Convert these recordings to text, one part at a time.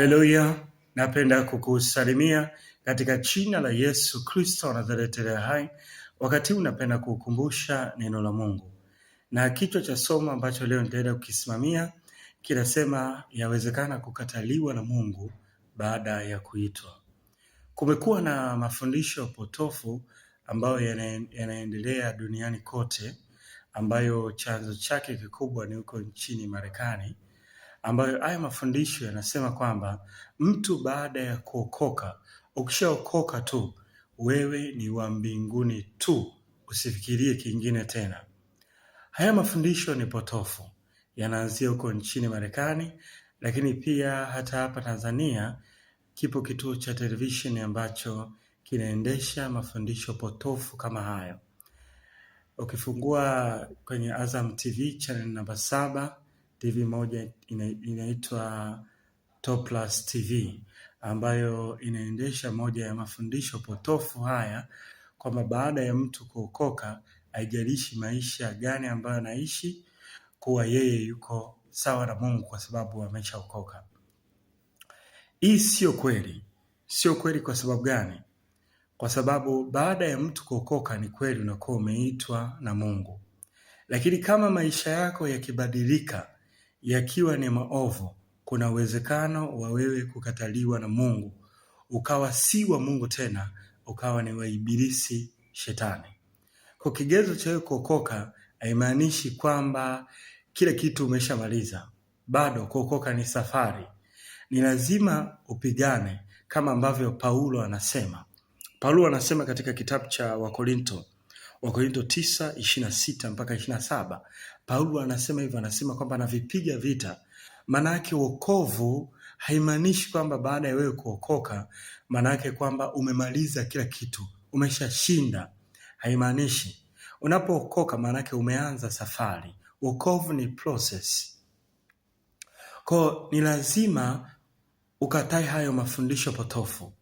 Haleluya, napenda kukusalimia katika jina la Yesu Kristo wa Nazareti aliye hai. Wakati huu napenda kukukumbusha neno la Mungu na kichwa cha somo ambacho leo nitaenda kukisimamia kinasema, yawezekana kukataliwa na Mungu baada ya kuitwa. Kumekuwa na mafundisho potofu ambayo yanaendelea duniani kote, ambayo chanzo chake kikubwa ni huko nchini Marekani ambayo haya mafundisho yanasema kwamba mtu baada ya kuokoka, ukishaokoka tu wewe ni wa mbinguni tu, usifikirie kingine tena. Haya mafundisho ni potofu, yanaanzia huko nchini Marekani, lakini pia hata hapa Tanzania kipo kituo cha televisheni ambacho kinaendesha mafundisho potofu kama hayo. Ukifungua kwenye Azam TV channel namba saba TV moja inaitwa Toplus TV ambayo inaendesha moja ya mafundisho potofu haya kwamba baada ya mtu kuokoka haijalishi maisha gani ambayo anaishi, kuwa yeye yuko sawa na Mungu kwa sababu ameshaokoka. Hii sio kweli, sio kweli. Kwa sababu gani? Kwa sababu baada ya mtu kuokoka, ni kweli unakuwa umeitwa na Mungu, lakini kama maisha yako yakibadilika yakiwa ni maovu, kuna uwezekano wa wewe kukataliwa na Mungu, ukawa si wa Mungu tena, ukawa ni wa Ibilisi Shetani. Kwa kigezo cha wewe kuokoka haimaanishi kwamba kila kitu umeshamaliza. Bado kuokoka ni safari, ni lazima upigane, kama ambavyo Paulo anasema. Paulo anasema katika kitabu cha Wakorinto wakorinto 9:26 mpaka 27, Paulo anasema hivyo, anasema kwamba anavipiga vita. Maana yake wokovu haimaanishi kwamba baada ya wewe kuokoka, maana yake kwamba umemaliza kila kitu, umeshashinda. Haimaanishi. Unapookoka maana yake umeanza safari. Wokovu ni process. Kwa ni lazima ukatae hayo mafundisho potofu.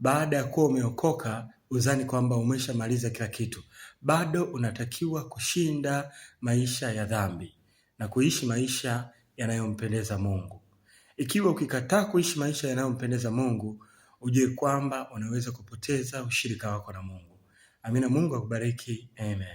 Baada ya kuwa umeokoka, uzani kwamba umeshamaliza kila kitu. Bado unatakiwa kushinda maisha ya dhambi na kuishi maisha yanayompendeza Mungu. Ikiwa ukikataa kuishi maisha yanayompendeza Mungu, ujue kwamba unaweza kupoteza ushirika wako na Mungu. Amina, Mungu akubariki. Amen.